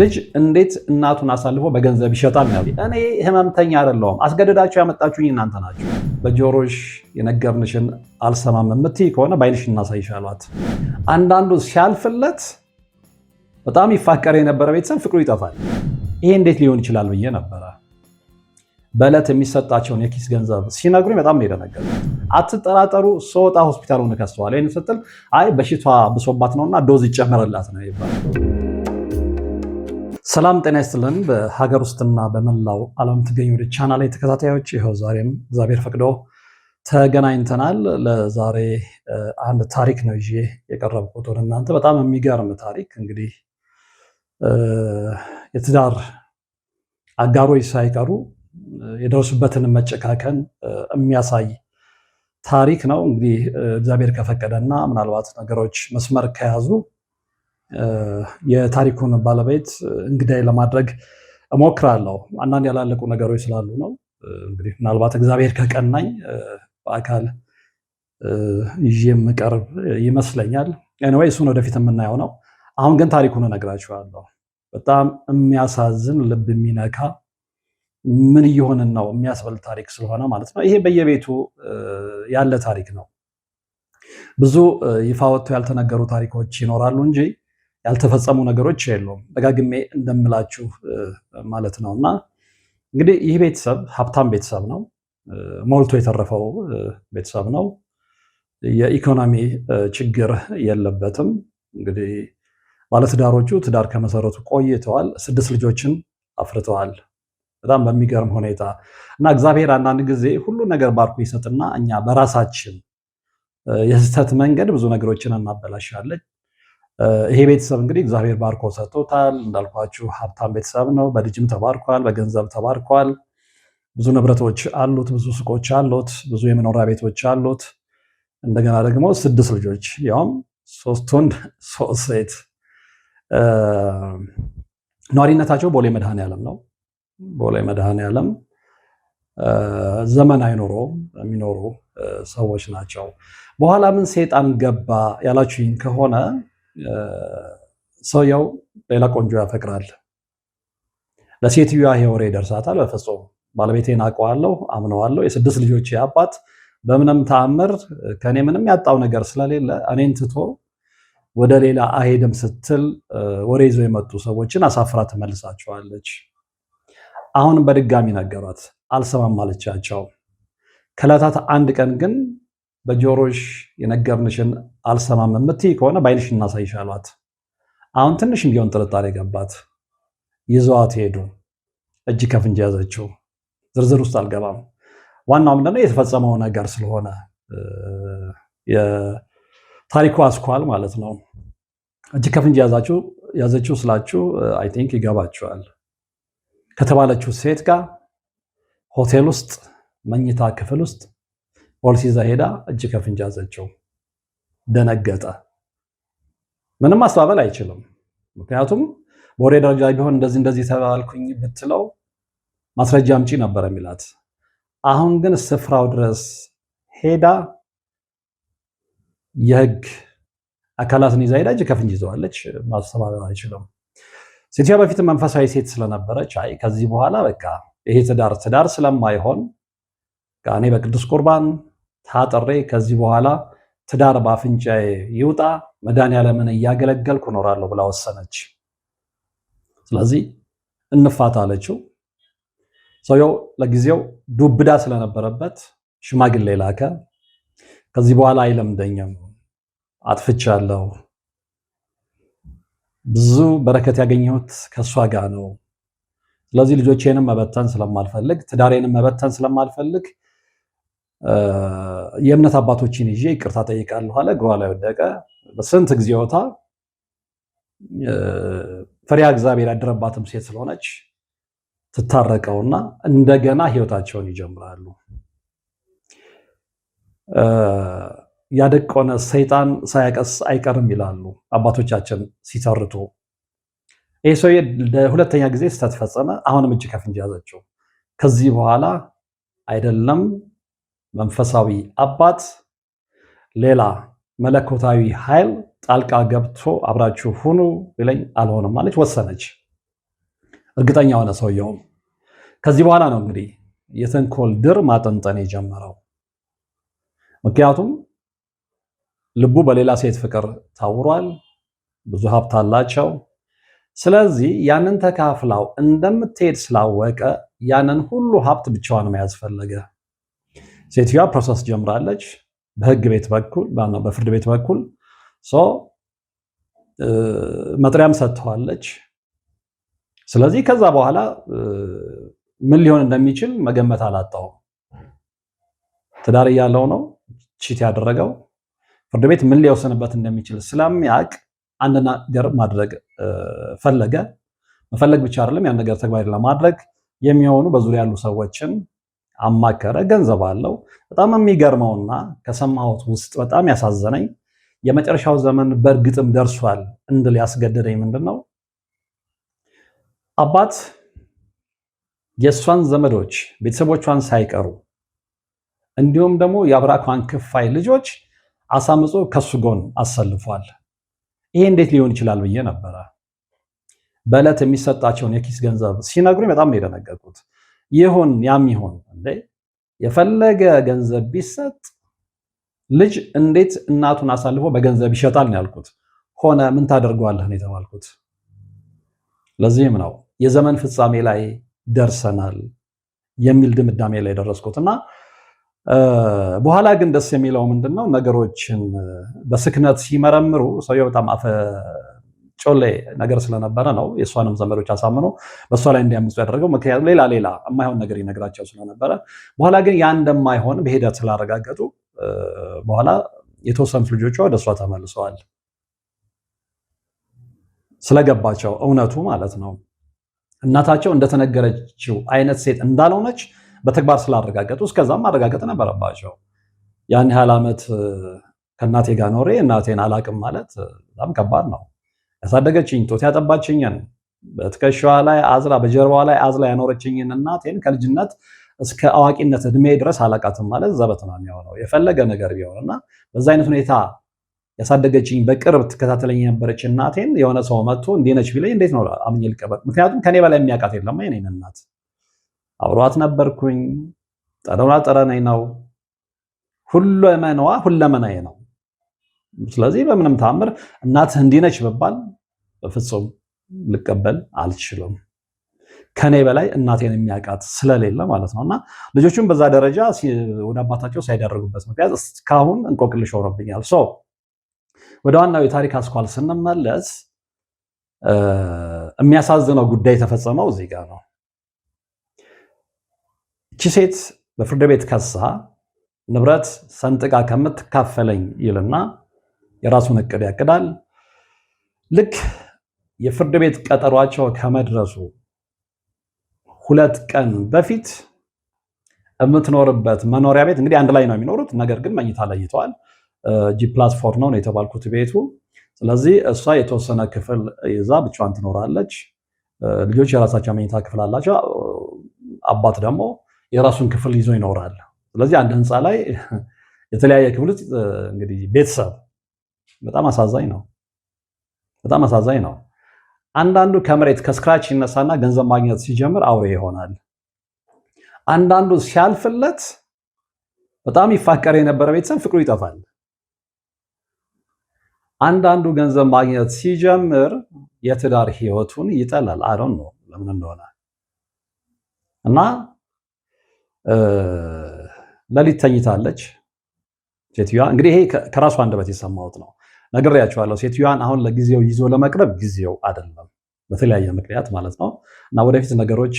ልጅ እንዴት እናቱን አሳልፎ በገንዘብ ይሸጣል? እኔ ህመምተኛ አይደለሁም። አስገድዳችሁ ያመጣችሁኝ እናንተ ናችሁ። በጆሮሽ የነገርንሽን አልሰማም የምትይ ከሆነ በዓይንሽ እናሳይሻሏት። አንዳንዱ ሲያልፍለት በጣም ይፋቀር የነበረ ቤተሰብ ፍቅሩ ይጠፋል። ይሄ እንዴት ሊሆን ይችላል ብዬ ነበረ። በዕለት የሚሰጣቸውን የኪስ ገንዘብ ሲነግሩኝ በጣም የደነገጠ አትጠራጠሩ፣ ሰወጣ ሆስፒታል ሆነ ከስተዋል ይህን ስትል አይ በሽቷ ብሶባት ነውና ዶዝ ይጨመረላት ነው ይባል ሰላም ጤና ይስጥልን። በሀገር ውስጥና በመላው ዓለም ትገኙ ወደ ቻናል ላይ ተከታታዮች ይኸው ዛሬም እግዚአብሔር ፈቅዶ ተገናኝተናል። ለዛሬ አንድ ታሪክ ነው ይዤ የቀረብኩት ወደ እናንተ። በጣም የሚገርም ታሪክ እንግዲህ የትዳር አጋሮች ሳይቀሩ የደረሱበትን መጨካከን የሚያሳይ ታሪክ ነው። እንግዲህ እግዚአብሔር ከፈቀደና ምናልባት ነገሮች መስመር ከያዙ የታሪኩን ባለቤት እንግዳይ ለማድረግ እሞክራለሁ። አንዳንድ ያላለቁ ነገሮች ስላሉ ነው። እንግዲህ ምናልባት እግዚአብሔር ከቀናኝ በአካል ይዤ የምቀርብ ይመስለኛል። ኤኒዌይ እሱን ወደፊት የምናየው ነው። አሁን ግን ታሪኩን እነግራችኋለሁ። በጣም የሚያሳዝን ልብ የሚነካ ምን እየሆንን ነው የሚያስበል ታሪክ ስለሆነ ማለት ነው። ይሄ በየቤቱ ያለ ታሪክ ነው። ብዙ ይፋ ወጥቶ ያልተነገሩ ታሪኮች ይኖራሉ እንጂ ያልተፈጸሙ ነገሮች የሉም። ደጋግሜ እንደምላችሁ ማለት ነው። እና እንግዲህ ይህ ቤተሰብ ሀብታም ቤተሰብ ነው። ሞልቶ የተረፈው ቤተሰብ ነው። የኢኮኖሚ ችግር የለበትም። እንግዲህ ባለትዳሮቹ ትዳር ከመሰረቱ ቆይተዋል። ስድስት ልጆችን አፍርተዋል። በጣም በሚገርም ሁኔታ እና እግዚአብሔር አንዳንድ ጊዜ ሁሉ ነገር ባርኮ ይሰጥና እኛ በራሳችን የስህተት መንገድ ብዙ ነገሮችን እናበላሻለን። ይሄ ቤተሰብ እንግዲህ እግዚአብሔር ባርኮ ሰጥቶታል። እንዳልኳችሁ ሀብታም ቤተሰብ ነው። በልጅም ተባርኳል፣ በገንዘብ ተባርኳል። ብዙ ንብረቶች አሉት፣ ብዙ ሱቆች አሉት፣ ብዙ የመኖሪያ ቤቶች አሉት። እንደገና ደግሞ ስድስት ልጆች ያውም ሶስት ወንድ ሶስት ሴት። ነዋሪነታቸው ቦሌ መድኃኔዓለም ነው። ቦሌ መድኃኔዓለም ዘመን አይኖሮ የሚኖሩ ሰዎች ናቸው። በኋላ ምን ሰይጣን ገባ ያላችሁኝ ከሆነ ሰውየው ሌላ ቆንጆ ያፈቅራል። ለሴትዮዋ ይሄ ወሬ ይደርሳታል። በፍጹም ባለቤቴን አውቀዋለሁ፣ አምነዋለሁ፣ የስድስት ልጆች አባት በምንም ተአምር ከእኔ ምንም ያጣው ነገር ስለሌለ እኔን ትቶ ወደ ሌላ አሄድም ስትል ወሬ ይዞ የመጡ ሰዎችን አሳፍራ ትመልሳቸዋለች። አሁንም በድጋሚ ነገሯት፣ አልሰማም አለቻቸው። ከዕለታት አንድ ቀን ግን በጆሮሽ የነገርንሽን አልሰማም የምትይ ከሆነ በዓይንሽ እናሳይሽ አሏት። አሁን ትንሽ እንዲሆን ጥርጣሬ ገባት። ይዘዋት ሄዱ። እጅ ከፍንጅ ያዘችው። ዝርዝር ውስጥ አልገባም። ዋናው ምንድነው የተፈጸመው ነገር ስለሆነ ታሪኩ አስኳል ማለት ነው። እጅ ከፍንጅ ያዘችው ስላችሁ አይ ቲንክ ይገባችኋል። ከተባለችው ሴት ጋር ሆቴል ውስጥ መኝታ ክፍል ውስጥ ፖሊሲ ይዛ ሄዳ እጅ ከፍንጅ ያዘችው። ደነገጠ። ምንም ማስተባበል አይችልም። ምክንያቱም በወሬ ደረጃ ቢሆን እንደዚህ እንደዚህ ተባልኩኝ ብትለው ማስረጃ አምጪ ነበር የሚላት። አሁን ግን ስፍራው ድረስ ሄዳ የህግ አካላትን ይዛ ሄዳ እጅ ከፍንጅ ይዘዋለች። ማስተባበል አይችልም። ሴትዮዋ በፊት መንፈሳዊ ሴት ስለነበረች አይ ከዚህ በኋላ በቃ ይሄ ትዳር ትዳር ስለማይሆን ጋኔ በቅዱስ ቁርባን ታጥሬ ከዚህ በኋላ ትዳር በአፍንጫዬ ይውጣ ያለምን እያገለገልኩ እኖራለሁ ብላ ወሰነች። ስለዚህ እንፋታ አለችው። ሰውየው ለጊዜው ዱብዳ ስለነበረበት ሽማግሌ ላከ። ከዚህ በኋላ አይለምደኝም፣ አጥፍቻለሁ፣ ብዙ በረከት ያገኘሁት ከእሷ ጋር ነው። ስለዚህ ልጆቼንም መበተን ስለማልፈልግ፣ ትዳሬንም መበተን ስለማልፈልግ የእምነት አባቶችን ይዤ ይቅርታ ጠይቃለሁ አለ። እግሯ ላይ ወደቀ። በስንት ጊዜዎታ ፍሬያ እግዚአብሔር ያደረባትም ሴት ስለሆነች ትታረቀውና እንደገና ህይወታቸውን ይጀምራሉ። ያደቆነ ሰይጣን ሳያቀስ አይቀርም ይላሉ አባቶቻችን ሲተርቱ። ይህ ሰውዬ ለሁለተኛ ጊዜ ስተት ፈጸመ። አሁንም እጅ ከፍንጅ ያዘችው። ከዚህ በኋላ አይደለም መንፈሳዊ አባት ሌላ መለኮታዊ ኃይል ጣልቃ ገብቶ አብራችሁ ሁኑ ይለኝ አልሆነም ማለች ወሰነች። እርግጠኛ ሆነ ሰውየውም። ከዚህ በኋላ ነው እንግዲህ የተንኮል ድር ማጠንጠን የጀመረው። ምክንያቱም ልቡ በሌላ ሴት ፍቅር ታውሯል። ብዙ ሀብት አላቸው። ስለዚህ ያንን ተካፍላው እንደምትሄድ ስላወቀ ያንን ሁሉ ሀብት ብቻዋን መያዝ ፈለገ። ሴትዮዋ ፕሮሰስ ጀምራለች በህግ ቤት በኩል በፍርድ ቤት በኩል መጥሪያም ሰጥተዋለች። ስለዚህ ከዛ በኋላ ምን ሊሆን እንደሚችል መገመት አላጣውም። ትዳር እያለው ነው ቺት ያደረገው። ፍርድ ቤት ምን ሊወስንበት እንደሚችል ስለሚያውቅ አንድ ነገር ማድረግ ፈለገ። መፈለግ ብቻ አይደለም ያን ነገር ተግባራዊ ለማድረግ የሚሆኑ በዙሪያ ያሉ ሰዎችን አማከረ፣ ገንዘብ አለው። በጣም የሚገርመውና ከሰማሁት ውስጥ በጣም ያሳዘነኝ የመጨረሻው ዘመን በእርግጥም ደርሷል እንድል ያስገደደኝ ምንድን ነው አባት የእሷን ዘመዶች ቤተሰቦቿን ሳይቀሩ እንዲሁም ደግሞ የአብራኳን ክፋይ ልጆች አሳምጾ ከሱ ጎን አሰልፏል። ይሄ እንዴት ሊሆን ይችላል ብዬ ነበረ። በዕለት የሚሰጣቸውን የኪስ ገንዘብ ሲነግሩኝ በጣም ነው የደነገጥኩት። ይሁን ያም ይሁን እንዴ የፈለገ ገንዘብ ቢሰጥ ልጅ እንዴት እናቱን አሳልፎ በገንዘብ ይሸጣል ነው ያልኩት። ሆነ ምን ታደርገዋለህ ነው የተባልኩት። ለዚህም ነው የዘመን ፍጻሜ ላይ ደርሰናል የሚል ድምዳሜ ላይ ደረስኩት እና በኋላ ግን ደስ የሚለው ምንድን ነው ነገሮችን በስክነት ሲመረምሩ ሰውየው በጣም አፈ ጮሌ ነገር ስለነበረ ነው የእሷንም ዘመዶች አሳምኖ በእሷ ላይ እንዲያምፁ ያደረገው። ምክንያቱም ሌላ ሌላ የማይሆን ነገር ይነግራቸው ስለነበረ በኋላ ግን ያ እንደማይሆን በሂደት ስላረጋገጡ በኋላ የተወሰኑት ልጆቿ ወደ እሷ ተመልሰዋል። ስለገባቸው እውነቱ ማለት ነው። እናታቸው እንደተነገረችው አይነት ሴት እንዳልሆነች በተግባር ስላረጋገጡ እስከዛም ማረጋገጥ ነበረባቸው። ያን ያህል ዓመት ከእናቴ ጋር ኖሬ እናቴን አላቅም ማለት በጣም ከባድ ነው። ያሳደገችኝ ጡት ያጠባችኝን በትከሻዋ ላይ አዝላ በጀርባዋ ላይ አዝላ ያኖረችኝን እናቴን ከልጅነት እስከ አዋቂነት እድሜ ድረስ አላቃትም ማለት ዘበት ነው የሚሆነው የፈለገ ነገር ቢሆን እና በዛ አይነት ሁኔታ ያሳደገችኝ በቅርብ ትከታተለኝ የነበረች እናቴን የሆነ ሰው መጥቶ እንዲህ ቢለኝ እንዴት ነው አምኜ ልቀበል? ምክንያቱም ከኔ በላይ የሚያውቃት የለም። የኔን እናት አብሯት ነበርኩኝ። ጠረኗ ጠረኔ ነው። ሁለመናዋ ሁለመናዬ ነው። ስለዚህ በምንም ታምር እናትህ እንዲነች ነች ብባል በፍጹም ልቀበል አልችልም። ከኔ በላይ እናቴን የሚያውቃት ስለሌለ ማለት ነው። እና ልጆቹም በዛ ደረጃ ወደ አባታቸው ሳይደረጉበት ምክንያት እስካሁን እንቆቅልሽ ሆኖብኛል። ሰው ወደ ዋናው የታሪክ አስኳል ስንመለስ የሚያሳዝነው ጉዳይ የተፈጸመው እዚህ ጋር ነው። እቺ ሴት በፍርድ ቤት ከሳ ንብረት ሰንጥቃ ከምትካፈለኝ ይልና የራሱን እቅድ ያቅዳል ልክ የፍርድ ቤት ቀጠሯቸው ከመድረሱ ሁለት ቀን በፊት የምትኖርበት መኖሪያ ቤት እንግዲህ አንድ ላይ ነው የሚኖሩት፣ ነገር ግን መኝታ ለይተዋል። ጂ ፕላትፎርም ነው የተባልኩት ቤቱ። ስለዚህ እሷ የተወሰነ ክፍል ይዛ ብቻዋን ትኖራለች። ልጆች የራሳቸው መኝታ ክፍል አላቸው። አባት ደግሞ የራሱን ክፍል ይዞ ይኖራል። ስለዚህ አንድ ህንፃ ላይ የተለያየ ክፍል ውስጥ እንግዲህ ቤተሰብ በጣም አሳዛኝ ነው። በጣም አሳዛኝ ነው። አንዳንዱ ከመሬት ከስክራች ይነሳና ገንዘብ ማግኘት ሲጀምር አውሬ ይሆናል። አንዳንዱ ሲያልፍለት በጣም ይፋቀር የነበረ ቤተሰብ ፍቅሩ ይጠፋል። አንዳንዱ ገንዘብ ማግኘት ሲጀምር የትዳር ህይወቱን ይጠላል። አዶን ነው ለምን እንደሆነ እና ለሊት ተኝታለች ሴትዮዋ። እንግዲህ ይሄ ከራሷ አንደበት የሰማሁት ነው። ነግሬያቸዋለሁ። ሴትዮዋን አሁን ለጊዜው ይዞ ለመቅረብ ጊዜው አይደለም፣ በተለያየ ምክንያት ማለት ነው። እና ወደፊት ነገሮች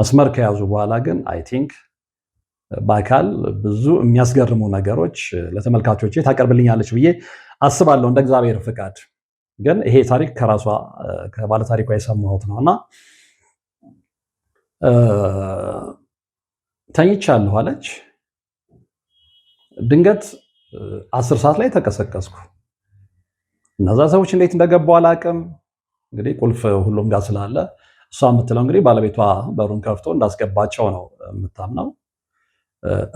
መስመር ከያዙ በኋላ ግን አይ ቲንክ በአካል ብዙ የሚያስገርሙ ነገሮች ለተመልካቾች ታቀርብልኛለች ብዬ አስባለሁ እንደ እግዚአብሔር ፍቃድ። ግን ይሄ ታሪክ ከራሷ ከባለታሪኳ የሰማሁት ነው እና ተኝቻለሁ አለች ድንገት አስር ሰዓት ላይ ተቀሰቀስኩ። እነዛ ሰዎች እንዴት እንደገቡ አላቅም። እንግዲህ ቁልፍ ሁሉም ጋር ስላለ እሷ የምትለው እንግዲህ ባለቤቷ በሩን ከፍቶ እንዳስገባቸው ነው የምታምነው።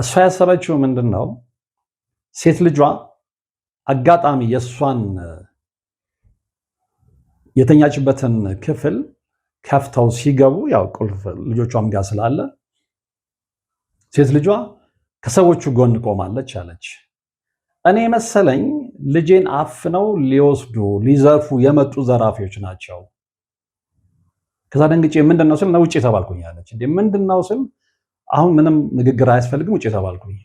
እሷ ያሰበችው ምንድን ነው? ሴት ልጇ አጋጣሚ የእሷን የተኛችበትን ክፍል ከፍተው ሲገቡ ያው ቁልፍ ልጆቿም ጋር ስላለ ሴት ልጇ ከሰዎቹ ጎን ቆማለች አለች። እኔ መሰለኝ ልጄን አፍነው ሊወስዱ ሊዘርፉ የመጡ ዘራፊዎች ናቸው። ከዛ ደንግጬ ምንድነው ስል ነው ውጭ ተባልኩኝ አለች። እንዴ ምንድነው ስል አሁን ምንም ንግግር አያስፈልግም ውጭ ተባልኩኝ።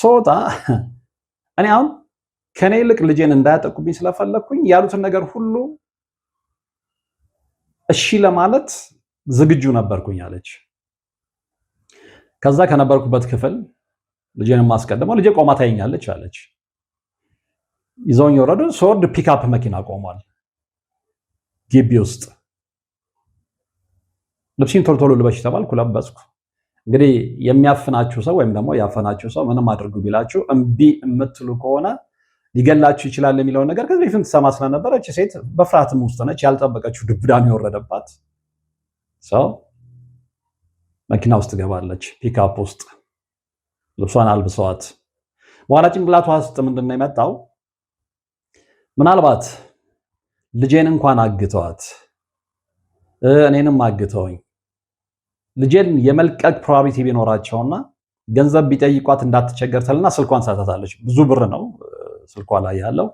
ሶጣ እኔ አሁን ከኔ ይልቅ ልጄን እንዳያጠቁብኝ ስለፈለግኩኝ ያሉትን ነገር ሁሉ እሺ ለማለት ዝግጁ ነበርኩኝ አለች። ከዛ ከነበርኩበት ክፍል ልጄን ማስቀድመው ልጄ ቆማ ታየኛለች አለች። ይዘውኝ የወረዱ ሶርድ ፒክአፕ መኪና ቆሟል ግቢ ውስጥ። ልብሲን ቶሎ ልበሽ ተባልኩ፣ ለበስኩ። እንግዲህ የሚያፍናችሁ ሰው ወይም ደግሞ ያፈናችሁ ሰው ምንም አድርጉ ቢላችሁ እምቢ የምትሉ ከሆነ ሊገላችሁ ይችላል የሚለውን ነገር ከዚህ በፊት ትሰማ ስለነበረች ሴት በፍርሃትም ውስጥ ነች። ያልጠበቀችው ድብዳም የወረደባት ሰው መኪና ውስጥ ትገባለች፣ ፒክአፕ ውስጥ ልብሷን አልብሰዋት። በኋላ ጭንቅላቷ ውስጥ ምንድን ነው የመጣው? ምናልባት ልጄን እንኳን አግተዋት እኔንም አግተውኝ ልጄን የመልቀቅ ፕሮባቢቲ ቢኖራቸውና ገንዘብ ቢጠይቋት እንዳትቸገር ትልና ስልኳን ሳታታለች። ብዙ ብር ነው ስልኳ ላይ ያለው።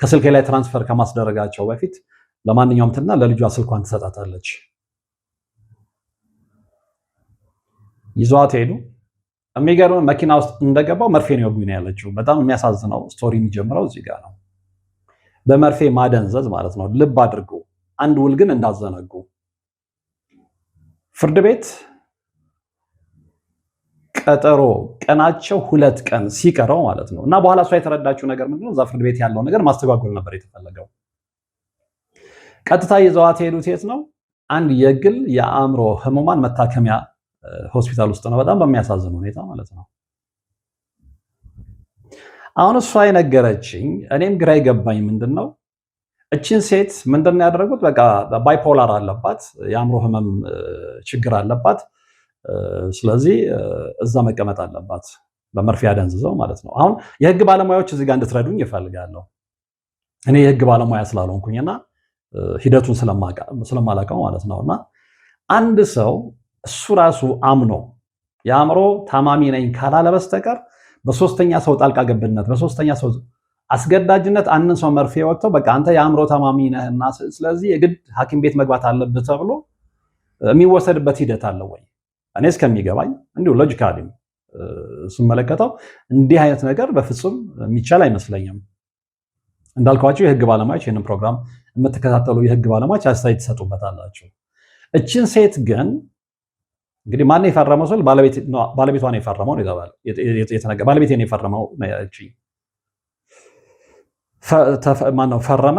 ከስልኬ ላይ ትራንስፈር ከማስደረጋቸው በፊት ለማንኛውም ትና ለልጇ ስልኳን ትሰጣታለች። ይዟት ሄዱ። የሚገርም መኪና ውስጥ እንደገባው መርፌ ነው የወጉኝ ያለችው። በጣም የሚያሳዝነው ስቶሪ የሚጀምረው እዚህ ጋር ነው። በመርፌ ማደንዘዝ ማለት ነው። ልብ አድርጉ። አንድ ውል ግን እንዳዘነጉ ፍርድ ቤት ቀጠሮ ቀናቸው ሁለት ቀን ሲቀረው ማለት ነው እና በኋላ እሷ የተረዳችው ነገር ምንድነው? እዛ ፍርድ ቤት ያለው ነገር ማስተጓጎል ነበር የተፈለገው። ቀጥታ ይዘዋት የሄዱት የት ነው? አንድ የግል የአእምሮ ህሙማን መታከሚያ ሆስፒታል ውስጥ ነው። በጣም በሚያሳዝን ሁኔታ ማለት ነው። አሁን እሷ የነገረችኝ እኔም ግራ ይገባኝ ምንድን ነው እችን ሴት ምንድን ያደረጉት? በቃ ባይፖላር አለባት፣ የአእምሮ ህመም ችግር አለባት። ስለዚህ እዛ መቀመጥ አለባት፣ በመርፌ አደንዝዘው ማለት ነው። አሁን የህግ ባለሙያዎች እዚህ ጋር እንድትረዱኝ ይፈልጋለሁ። እኔ የህግ ባለሙያ ስላልሆንኩኝና ሂደቱን ስለማላውቀው ማለት ነው። እና አንድ ሰው እሱ ራሱ አምኖ የአእምሮ ታማሚ ነኝ ካላለ በስተቀር በሶስተኛ ሰው ጣልቃ ገብነት በሶስተኛ ሰው አስገዳጅነት አንድን ሰው መርፌ ወቅተው በቃ አንተ የአእምሮ ታማሚ ነህና ስለዚህ የግድ ሐኪም ቤት መግባት አለብህ ተብሎ የሚወሰድበት ሂደት አለ ወይ? እኔ እስከሚገባኝ እንዲሁ ሎጂካሊ ስመለከተው እንዲህ አይነት ነገር በፍጹም የሚቻል አይመስለኝም። እንዳልኳቸው የህግ ባለሙያዎች ይህንን ፕሮግራም የምትከታተሉ የህግ ባለሙያዎች አስተያየት ትሰጡበታላችሁ። እችን ሴት ግን እንግዲህ ማን የፈረመው ስል ባለቤቷ ነው የፈረመው የተነገረው። ባለቤቴ ነው የፈረመው እቺ ማነው ፈረመ?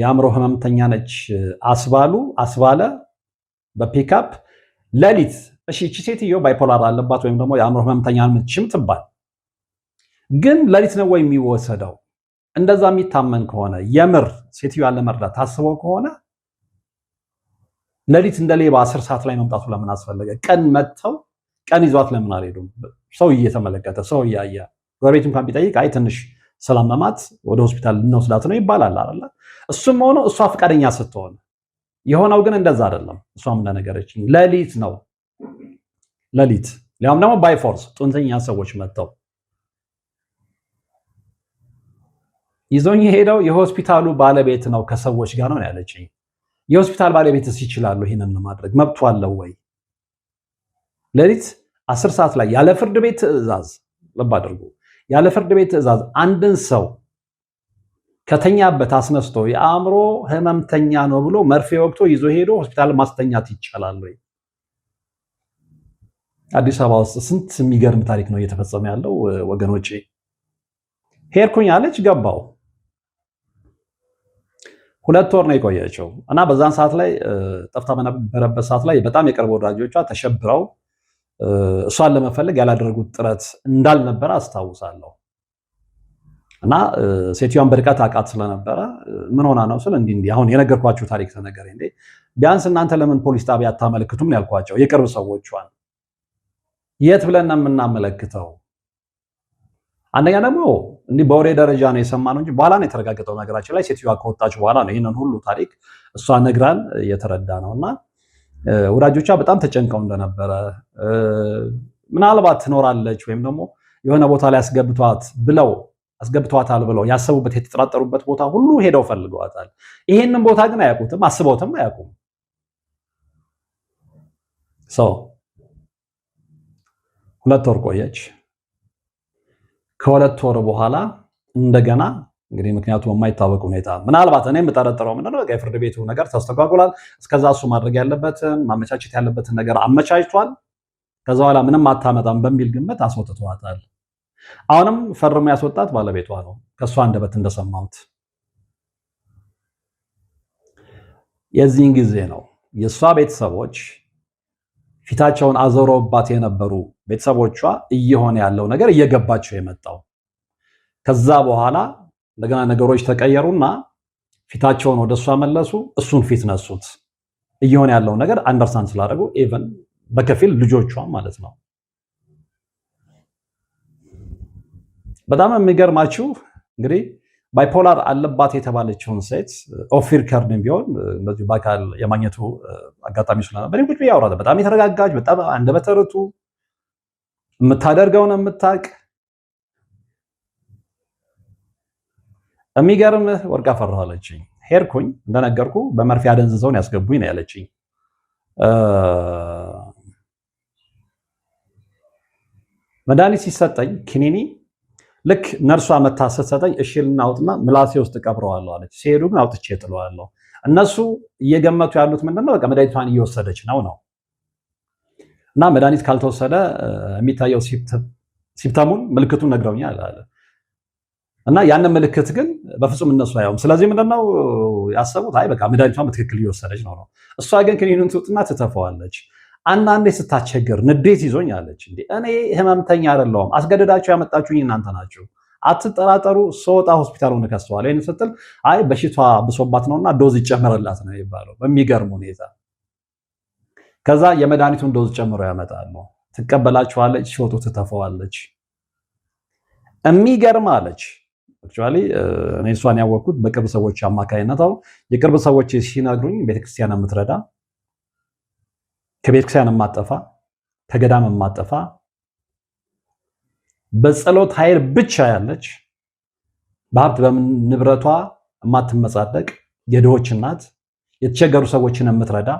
የአእምሮ ህመምተኛ ነች አስባሉ አስባለ በፒካፕ ለሊት። እሺ እቺ ሴትዮ ባይፖላር አለባት ወይም ደግሞ የአእምሮ ህመምተኛ ምችም ትባል፣ ግን ለሊት ነው ወይ የሚወሰደው? እንደዛ የሚታመን ከሆነ የምር ሴትዮ ያለመርዳት ታስበው ከሆነ ለሊት እንደ ሌባ አስር ሰዓት ላይ መምጣቱ ለምን አስፈለገ? ቀን መጥተው ቀን ይዟት ለምን አልሄዱም? ሰው እየተመለከተ ሰው እያየ ጎረቤት እንኳን ቢጠይቅ አይ ትንሽ ስላመማት ወደ ሆስፒታል ልንወስዳት ነው ይባላል አይደለ? እሱም ሆኖ እሷ ፈቃደኛ ስትሆን የሆነው ግን እንደዛ አይደለም። እሷም እንደነገረችኝ ለሊት ነው ለሊት ሊያውም ደግሞ ባይፎርስ ጡንተኛ ሰዎች መጥተው ይዞኝ ሄደው የሆስፒታሉ ባለቤት ነው ከሰዎች ጋር ነው ያለችኝ። የሆስፒታል ባለቤትስ ይችላሉ ይህንን ለማድረግ መብቱ አለው ወይ? ሌሊት አስር ሰዓት ላይ ያለ ፍርድ ቤት ትዕዛዝ ልብ አድርጉ፣ ያለ ፍርድ ቤት ትዕዛዝ አንድን ሰው ከተኛበት አስነስቶ የአእምሮ ህመምተኛ ነው ብሎ መርፌ ወቅቶ ይዞ ሄዶ ሆስፒታል ማስተኛት ይቻላል ወይ? አዲስ አበባ ውስጥ ስንት የሚገርም ታሪክ ነው እየተፈጸመ ያለው ወገኖቼ። ሄድኩኝ አለች ገባው ሁለት ወር ነው የቆየችው እና በዛን ሰዓት ላይ ጠፍታ በነበረበት ሰዓት ላይ በጣም የቅርብ ወዳጆቿ ተሸብረው እሷን ለመፈለግ ያላደረጉት ጥረት እንዳልነበረ አስታውሳለሁ። እና ሴትዮዋን በርቀት አውቃት ስለነበረ ምን ሆና ነው ስል እንዲህ እንዲህ አሁን የነገርኳችሁ ታሪክ ተነገረ እንዴ ቢያንስ እናንተ ለምን ፖሊስ ጣቢያ አታመለክቱም? ያልኳቸው የቅርብ ሰዎቿን የት ብለን የምናመለክተው? አንደኛ ደግሞ እንዲህ በወሬ ደረጃ ነው የሰማነው እንጂ በኋላ ነው የተረጋገጠው። ነገራችን ላይ ሴትዮዋ ከወጣች በኋላ ነው ይህንን ሁሉ ታሪክ እሷ ነግራን እየተረዳ ነው። እና ወዳጆቿ በጣም ተጨንቀው እንደነበረ ምናልባት ትኖራለች ወይም ደግሞ የሆነ ቦታ ላይ አስገብቷት ብለው አስገብቷታል ብለው ያሰቡበት የተጠራጠሩበት ቦታ ሁሉ ሄደው ፈልገዋታል። ይሄንን ቦታ ግን አያውቁትም፣ አስበውትም አያውቁም። ሰው ሁለት ወር ቆየች። ከሁለት ወር በኋላ እንደገና እንግዲህ ምክንያቱ የማይታወቅ ሁኔታ ምናልባት እኔ የምጠረጥረው ምንድነው በቃ የፍርድ ቤቱ ነገር ተስተጓጉላል እስከዛ እሱ ማድረግ ያለበትን ማመቻቸት ያለበትን ነገር አመቻችቷል። ከዛ በኋላ ምንም አታመጣም በሚል ግምት አስወጥተዋታል። አሁንም ፈርሞ ያስወጣት ባለቤቷ ነው። ከእሷ አንደበት እንደሰማሁት የዚህን ጊዜ ነው የእሷ ቤተሰቦች ፊታቸውን አዘሮባት የነበሩ ቤተሰቦቿ እየሆነ ያለው ነገር እየገባቸው የመጣው ከዛ በኋላ እንደገና ነገሮች ተቀየሩና ፊታቸውን ወደ እሷ መለሱ። እሱን ፊት ነሱት። እየሆነ ያለው ነገር አንደርስታንድ ስላደረጉ ኢቨን በከፊል ልጆቿ ማለት ነው። በጣም የሚገርማችሁ እንግዲህ ባይፖላር አለባት የተባለችውን ሴት ኦፊር ከርድን ቢሆን እንደዚሁ በአካል የማግኘቱ አጋጣሚ ስለነበር ነበር ቁጭ ብዬ በጣም የተረጋጋች በጣም አንደበተ ርቱዕ የምታደርገውን የምታቅ የሚገርም ወርቅ አፈራሁ አለችኝ። ሄድኩኝ እንደነገርኩ በመርፌ አደንዝዘውን ያስገቡኝ ነው ያለችኝ። መድኃኒት ሲሰጠኝ ኪኒኒ ልክ ነርሷ መታ ስትሰጠኝ እሺ ልናውጥና ምላሴ ውስጥ ቀብረዋለሁ አለች። ሲሄዱ ግን አውጥቼ ጥለዋለሁ። እነሱ እየገመቱ ያሉት ምንድነው በቃ መድኃኒቷን እየወሰደች ነው ነው እና መድኃኒት ካልተወሰደ የሚታየው ሲፕተሙን ምልክቱን ነግረውኛል አለ እና ያንን ምልክት ግን በፍጹም እነሱ አያውም። ስለዚህ ምንድነው ያሰቡት? አይ በቃ መድኃኒቷን በትክክል እየወሰደች ነው ነው። እሷ ግን ክኒኑን ትውጥና ትተፈዋለች። አንዳንዴ ስታቸግር ንዴት ይዞኝ አለች። እንዴ እኔ ህመምተኛ አይደለሁም፣ አስገደዳችሁ ያመጣችሁኝ እናንተ ናችሁ፣ አትጠራጠሩ። ሰወጣ ሆስፒታል ሆነ ከስተዋል ይህን ስትል አይ በሽቷ ብሶባት ነውና ዶዝ ይጨመረላት ነው የሚባለው። በሚገርም ሁኔታ ከዛ የመድኃኒቱን ዶዝ ጨምሮ ያመጣሉ። ትቀበላችኋለች፣ ሲወጡ ትተፈዋለች። እሚገርም አለች። አክቹዋሊ እኔ እሷን ያወቅኩት በቅርብ ሰዎች አማካኝነት፣ የቅርብ ሰዎች ሲነግሩኝ ቤተክርስቲያን የምትረዳ ከቤተክርስቲያን የማጠፋ ከገዳም የማጠፋ በጸሎት ኃይል ብቻ ያለች በሀብት በንብረቷ የማትመጻደቅ የድሆች እናት የተቸገሩ ሰዎችን የምትረዳ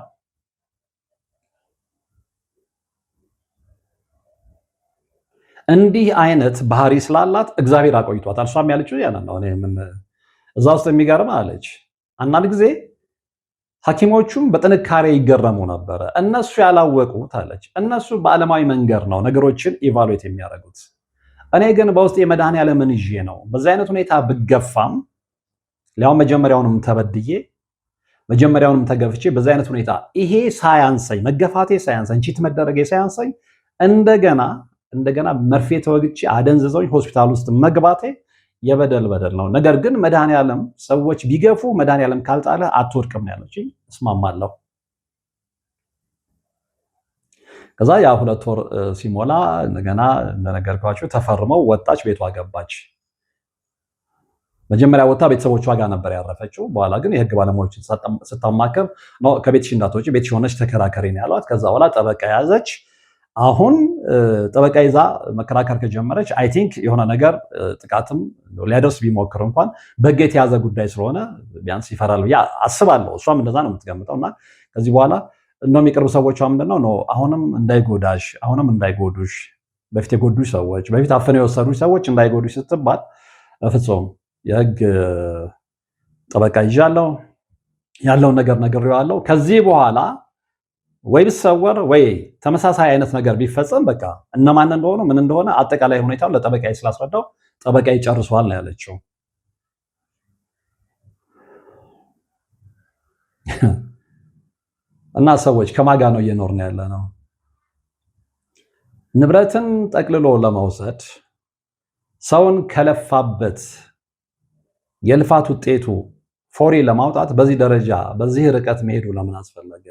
እንዲህ አይነት ባህሪ ስላላት እግዚአብሔር አቆይቷታል። እሷም ያለችው ያለ ነው። እዛ ውስጥ የሚገርም አለች አንዳንድ ጊዜ ሐኪሞቹም በጥንካሬ ይገረሙ ነበረ። እነሱ ያላወቁት አለች። እነሱ በዓለማዊ መንገድ ነው ነገሮችን ኢቫሉዌት የሚያደርጉት። እኔ ግን በውስጥ የመድኃኔ ዓለምን ይዤ ነው። በዚህ አይነት ሁኔታ ብገፋም ሊያው መጀመሪያውንም ተበድዬ መጀመሪያውንም ተገፍቼ በዚህ አይነት ሁኔታ ይሄ ሳያንሰኝ መገፋቴ ሳያንሰኝ ቺት መደረገ ሳያንሰኝ እንደገና እንደገና መርፌ ተወግቼ አደንዝዘውኝ ሆስፒታል ውስጥ መግባቴ የበደል በደል ነው። ነገር ግን መድኃኔ ዓለም ሰዎች ቢገፉ መድኃኔ ዓለም ካልጣለ አትወድቅም ነው ያለች። እስማማለሁ። ከዛ ያ ሁለት ወር ሲሞላ እንደገና እንደነገርኳችሁ ተፈርመው ወጣች፣ ቤቷ ገባች። መጀመሪያ ወጣ ቤተሰቦቿ ጋር ነበር ያረፈችው። በኋላ ግን የህግ ባለሙያዎችን ስታማከር ከቤትሽ እንዳትወጪ ቤትሽ ሆነች ተከራከሪ ነው ያሏት። ከዛ በኋላ ጠበቃ ያዘች። አሁን ጠበቃ ይዛ መከራከር ከጀመረች አይ ቲንክ የሆነ ነገር ጥቃትም ሊያደርስ ቢሞክር እንኳን በሕግ የተያዘ ጉዳይ ስለሆነ ቢያንስ ይፈራል ብዬ አስባለሁ። እሷም እንደዛ ነው የምትገምጠው እና ከዚህ በኋላ እንደውም የቅርብ ሰዎቿ ምንድነው ነው አሁንም እንዳይጎዳሽ፣ አሁንም እንዳይጎዱሽ፣ በፊት የጎዱ ሰዎች፣ በፊት አፍነው የወሰዱ ሰዎች እንዳይጎዱሽ ስትባል ፍጹም የህግ ጠበቃ ይዣለሁ ያለውን ነገር ነግሬዋለሁ ከዚህ በኋላ ወይ ቢሰወር ወይ ተመሳሳይ አይነት ነገር ቢፈጸም በቃ እነማን እንደሆኑ ምን እንደሆነ አጠቃላይ ሁኔታውን ለጠበቃዬ ስላስረዳው ጠበቃዬ ይጨርሷል ያለችው። እና ሰዎች ከማጋ ነው እየኖርን ያለ ነው። ንብረትን ጠቅልሎ ለመውሰድ ሰውን ከለፋበት የልፋት ውጤቱ ፎሪ ለማውጣት በዚህ ደረጃ በዚህ ርቀት መሄዱ ለምን አስፈለገ?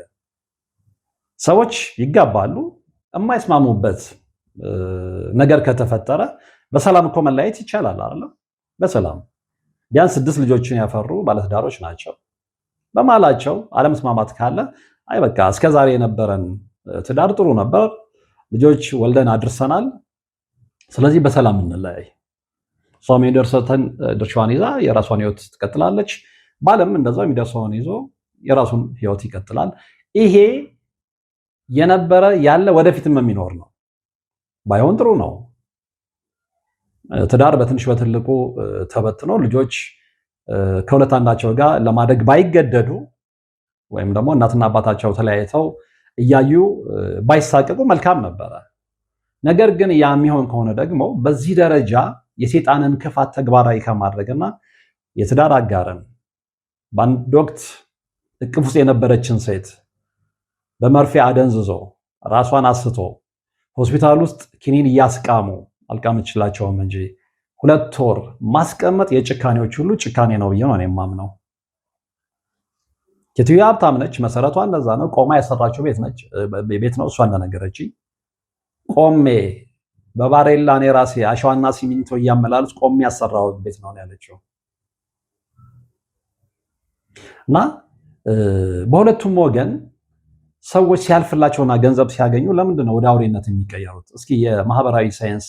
ሰዎች ይጋባሉ። የማይስማሙበት ነገር ከተፈጠረ በሰላም እኮ መለያየት ይቻላል አይደለም? በሰላም ቢያንስ ስድስት ልጆችን ያፈሩ ባለትዳሮች ናቸው። በመሀላቸው አለመስማማት ካለ አይ በቃ እስከዛሬ የነበረን ትዳር ጥሩ ነበር፣ ልጆች ወልደን አድርሰናል፣ ስለዚህ በሰላም እንለያይ። እሷም የሚደርሰትን ድርሻዋን ይዛ የራሷን ህይወት ትቀጥላለች። ባለም እንደዛው የሚደርሰውን ይዞ የራሱን ህይወት ይቀጥላል። ይሄ የነበረ ያለ ወደፊትም የሚኖር ነው። ባይሆን ጥሩ ነው። ትዳር በትንሽ በትልቁ ተበትኖ ልጆች ከሁለት አንዳቸው ጋር ለማደግ ባይገደዱ ወይም ደግሞ እናትና አባታቸው ተለያይተው እያዩ ባይሳቀቁ መልካም ነበረ። ነገር ግን ያ የሚሆን ከሆነ ደግሞ በዚህ ደረጃ የሴጣንን ክፋት ተግባራዊ ከማድረግና የትዳር አጋርን በአንድ ወቅት እቅፍ ውስጥ የነበረችን ሴት በመርፌ አደንዝዞ ራሷን አስቶ ሆስፒታል ውስጥ ኪኒን እያስቃሙ አልቃምችላቸውም እንጂ ሁለት ወር ማስቀመጥ የጭካኔዎች ሁሉ ጭካኔ ነው ብዬ ነው የማምነው። ሴትዮዋ ሀብታም ነች፣ መሰረቷ እንደዛ ነው። ቆማ የሰራችው ቤት ነች ቤት ነው እሷ እንደነገረችኝ። ቆሜ በባሬላ እኔ ራሴ አሸዋና ሲሚንቶ እያመላለስ ቆሜ ያሰራው ቤት ነው ያለችው እና በሁለቱም ወገን ሰዎች ሲያልፍላቸውና ገንዘብ ሲያገኙ ለምንድን ነው ወደ አውሬነት የሚቀየሩት? እስኪ የማህበራዊ ሳይንስ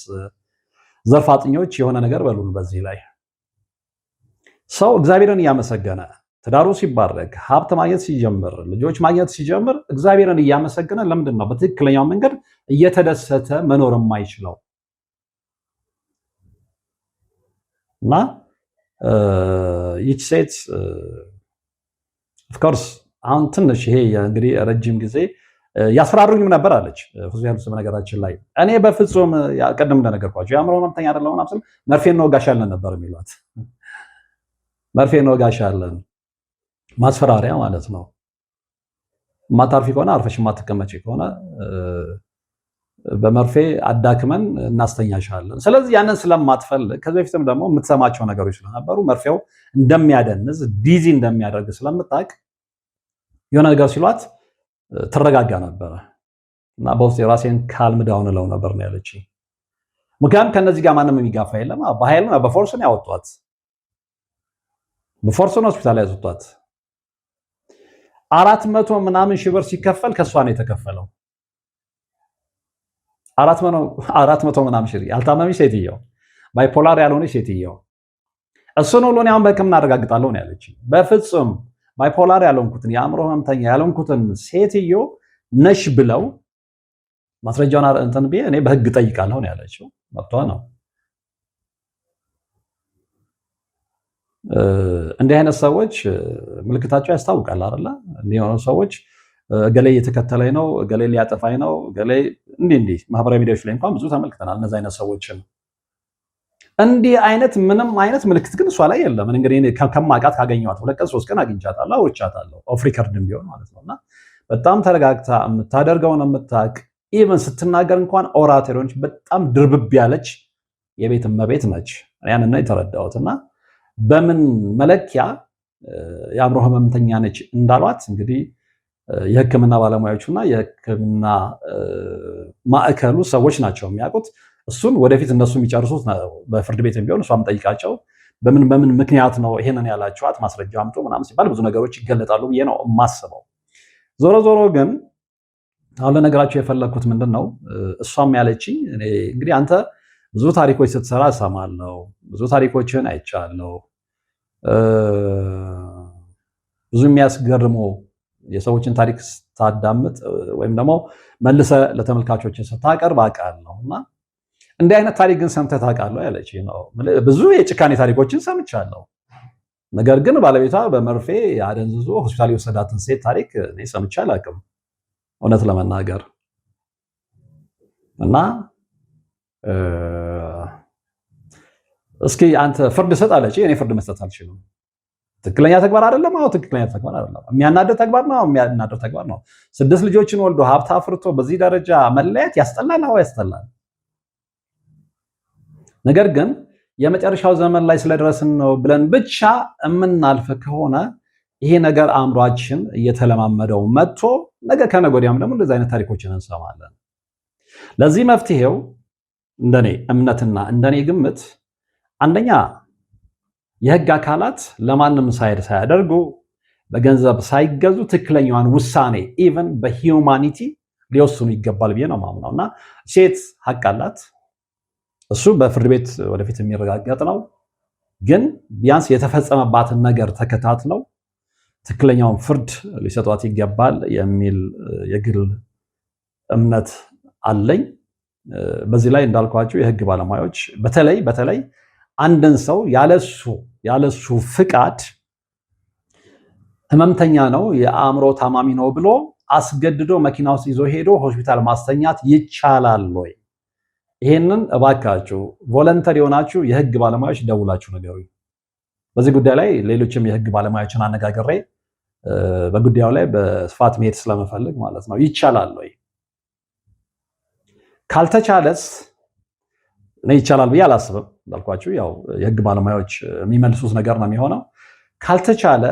ዘርፍ አጥኞች የሆነ ነገር በሉን። በዚህ ላይ ሰው እግዚአብሔርን እያመሰገነ ትዳሩ ሲባረክ ሀብት ማግኘት ሲጀምር ልጆች ማግኘት ሲጀምር እግዚአብሔርን እያመሰገነ ለምንድን ነው በትክክለኛው መንገድ እየተደሰተ መኖር የማይችለው? እና ይቺ ሴት ኦፍኮርስ አሁን ትንሽ ይሄ እንግዲህ ረጅም ጊዜ ያስፈራሩኝም ነበር አለች ፍጹም በነገራችን ላይ እኔ በፍጹም ቅድም እንደነገርኳቸው የአእምሮ ህመምተኛ አይደለም ምናምን ስል መርፌ እንወጋሻለን ነበር የሚሏት መርፌ እንወጋሻለን ማስፈራሪያ ማለት ነው ማታርፊ ከሆነ አርፈሽ ማትቀመጪ ከሆነ በመርፌ አዳክመን እናስተኛሻለን ስለዚህ ያንን ስለማትፈልግ ከዚህ በፊትም ደግሞ የምትሰማቸው ነገሮች ስለነበሩ መርፌው እንደሚያደንዝ ዲዚ እንደሚያደርግ ስለምታውቅ የሆነ ነገር ሲሏት ትረጋጋ ነበረ እና በውስጥ የራሴን ካልም ዳውን እለው ነበር ነው ያለች። ምክንያቱም ከነዚህ ጋር ማንም የሚጋፋ የለም። በኃይል በፎርስ ነው ያወጧት፣ በፎርስ ነው ሆስፒታል ያወጧት። አራት መቶ ምናምን ሺህ ብር ሲከፈል ከእሷ ነው የተከፈለው። አራት መቶ ምናምን ሺህ ያልታመሚ ሴትየው፣ ባይፖላር ያልሆነች ሴትየው እሱን ሁሉ እኔ አሁን በሕክምና አረጋግጣለሁ ነው ያለች። በፍጹም ባይፖላር ያለንኩትን የአእምሮ ህመምተኛ ያለንኩትን ሴትዮ ነሽ ብለው ማስረጃውን እንትን ብዬ እኔ በህግ ጠይቃለሁ ነው ያለችው። መብቷ ነው። እንዲህ አይነት ሰዎች ምልክታቸው ያስታውቃል አይደለ? እንዲህ የሆኑ ሰዎች እገሌ እየተከተለኝ ነው፣ እገሌ ሊያጠፋኝ ነው፣ እገሌ እንዲህ እንዲህ ማህበራዊ ሚዲያዎች ላይ እንኳን ብዙ ተመልክተናል። እነዚህ አይነት ሰዎችን እንዲህ አይነት ምንም አይነት ምልክት ግን እሷ ላይ የለም። እንግዲህ ከማውቃት ካገኘኋት ሁለት ቀን ሶስት ቀን አግኝቻታለሁ፣ አውርቻታለሁ ኦፍ ሪከርድም ቢሆን ማለት እና በጣም ተረጋግታ የምታደርገውን የምታውቅ ኢቨን ስትናገር እንኳን ኦራቴሮች በጣም ድርብብ ያለች የቤት እመቤት ነች። ያንን ነው የተረዳሁት። እና በምን መለኪያ የአእምሮ ህመምተኛ ነች እንዳሏት እንግዲህ የሕክምና ባለሙያዎቹና የህክምና ማዕከሉ ሰዎች ናቸው የሚያውቁት። እሱን ወደፊት እነሱ የሚጨርሱት በፍርድ ቤት ቢሆን እሷም ጠይቃቸው በምን በምን ምክንያት ነው ይሄንን ያላችኋት ማስረጃ አምጡ ምናምን ሲባል ብዙ ነገሮች ይገለጣሉ ብዬ ነው የማስበው። ዞሮ ዞሮ ግን አሁን ለነገራቸው የፈለግኩት ምንድን ነው እሷም ያለችኝ እንግዲህ አንተ ብዙ ታሪኮች ስትሰራ እሰማለሁ፣ ብዙ ታሪኮችን አይቻለሁ፣ ብዙ የሚያስገርሙ የሰዎችን ታሪክ ስታዳምጥ ወይም ደግሞ መልሰ ለተመልካቾች ስታቀርብ አውቃለሁ እና እንዲህ አይነት ታሪክ ግን ሰምተህ ታውቃለህ ያለች ነው። ብዙ የጭካኔ ታሪኮችን ሰምቻለሁ። ነገር ግን ባለቤቷ በመርፌ አደንዝዞ ሆስፒታል የወሰዳትን ሴት ታሪክ እኔ ሰምቼ አላውቅም እውነት ለመናገር እና እስኪ አንተ ፍርድ ስጥ አለች። እኔ ፍርድ መስጠት አልችልም። ትክክለኛ ተግባር አይደለም። አዎ ትክክለኛ ተግባር አይደለም። የሚያናደድ ተግባር ነው። የሚያናደድ ተግባር ነው። ስድስት ልጆችን ወልዶ ሀብት አፍርቶ በዚህ ደረጃ መለያየት ያስጠላል። አዎ ያስጠላል። ነገር ግን የመጨረሻው ዘመን ላይ ስለደረስን ነው ብለን ብቻ የምናልፍ ከሆነ ይሄ ነገር አእምሯችን እየተለማመደው መጥቶ ነገ ከነገ ወዲያም ደግሞ እንደዚህ አይነት ታሪኮችን እንሰማለን። ለዚህ መፍትሄው እንደኔ እምነትና እንደኔ ግምት አንደኛ የህግ አካላት ለማንም ሳይድ ሳያደርጉ በገንዘብ ሳይገዙ ትክክለኛዋን ውሳኔ ኢቨን በሂዩማኒቲ ሊወስኑ ይገባል ብዬ ነው ማምነው እና ሴት ሀቅ አላት እሱ በፍርድ ቤት ወደፊት የሚረጋገጥ ነው። ግን ቢያንስ የተፈጸመባትን ነገር ነው ትክክለኛውን ፍርድ ሊሰጧት ይገባል የሚል የግል እምነት አለኝ። በዚህ ላይ እንዳልኳቸው የህግ ባለሙያዎች በተለይ በተለይ አንድን ሰው ያለሱ ያለሱ ፍቃድ ህመምተኛ ነው የአእምሮ ታማሚ ነው ብሎ አስገድዶ መኪና ውስጥ ይዞ ሄዶ ሆስፒታል ማስተኛት ይቻላል ወይ? ይሄንን እባካችሁ ቮለንተሪ የሆናችሁ የህግ ባለሙያዎች ደውላችሁ ነገሩ። በዚህ ጉዳይ ላይ ሌሎችም የህግ ባለሙያዎችን አነጋግሬ በጉዳዩ ላይ በስፋት መሄድ ስለምፈልግ ማለት ነው። ይቻላል ወይ? ካልተቻለስ እኔ ይቻላል ብዬ አላስብም። እንዳልኳችሁ ያው የህግ ባለሙያዎች የሚመልሱት ነገር ነው የሚሆነው። ካልተቻለ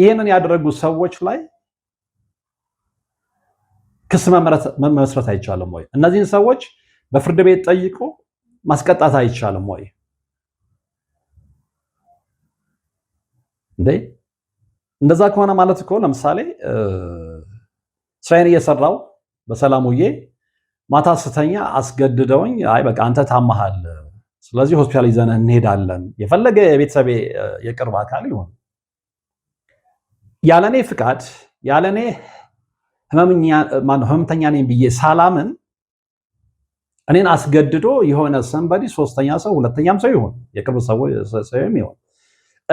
ይህንን ያደረጉ ሰዎች ላይ ክስ መመስረት አይቻልም ወይ? እነዚህን ሰዎች በፍርድ ቤት ጠይቆ ማስቀጣት አይቻልም ወይ እንዴ? እንደዛ ከሆነ ማለት እኮ ለምሳሌ ስራዬን እየሰራው በሰላሙዬ ማታ ስተኛ አስገድደውኝ፣ አይ በቃ አንተ ታመሃል፣ ስለዚህ ሆስፒታል ይዘንህ እንሄዳለን። የፈለገ የቤተሰቤ የቅርብ አካል ይሁን ያለኔ ፍቃድ ያለኔ ህመምተኛ ነኝ ብዬ ሳላምን እኔን አስገድዶ የሆነ ሰንበዲ ሶስተኛ ሰው ሁለተኛም ሰው ይሆን የቅርብ ሰው ይሆን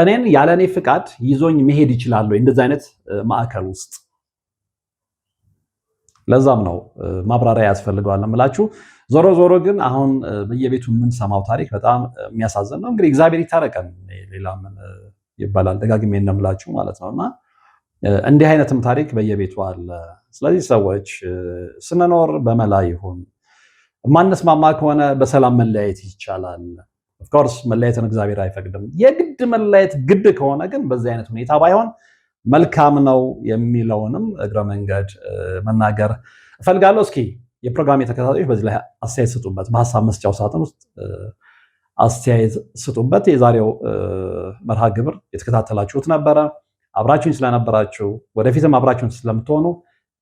እኔን ያለ እኔ ፍቃድ ይዞኝ መሄድ ይችላሉ እንደዚ አይነት ማዕከል ውስጥ ለዛም ነው ማብራሪያ ያስፈልገዋል ምላችሁ ዞሮ ዞሮ ግን አሁን በየቤቱ የምንሰማው ታሪክ በጣም የሚያሳዝን ነው። እንግዲህ እግዚአብሔር ይታረቀን፣ ሌላ ምን ይባላል? ደጋግሜ እንደምላችሁ ማለት ነው። እና እንዲህ አይነትም ታሪክ በየቤቱ አለ። ስለዚህ ሰዎች ስንኖር በመላ ይሁን የማንስማማ ከሆነ በሰላም መለያየት ይቻላል። ኦፍኮርስ መለያየትን እግዚአብሔር አይፈቅድም። የግድ መለያየት ግድ ከሆነ ግን በዚህ አይነት ሁኔታ ባይሆን መልካም ነው የሚለውንም እግረ መንገድ መናገር እፈልጋለሁ። እስኪ የፕሮግራም የተከታታዮች በዚህ ላይ አስተያየት ስጡበት፣ በሀሳብ መስጫው ሳጥን ውስጥ አስተያየት ስጡበት። የዛሬው መርሃ ግብር የተከታተላችሁት ነበረ። አብራችሁን ስለነበራችሁ ወደፊትም አብራችሁን ስለምትሆኑ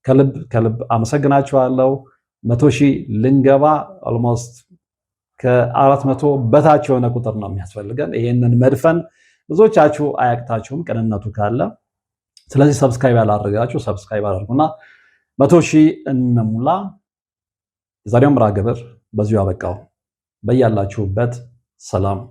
ከልብ ከልብ አመሰግናችኋለሁ። መቶ ሺህ ልንገባ ኦልሞስት ከአራት መቶ በታች የሆነ ቁጥር ነው የሚያስፈልገን። ይህንን መድፈን ብዙዎቻችሁ አያቅታችሁም ቅንነቱ ካለ። ስለዚህ ሰብስክራይብ ያላደረጋችሁ ሰብስክራይብ አድርጉና መቶ ሺህ እንሙላ። የዛሬው መርሃ ግብር በዚሁ አበቃው። በያላችሁበት ሰላም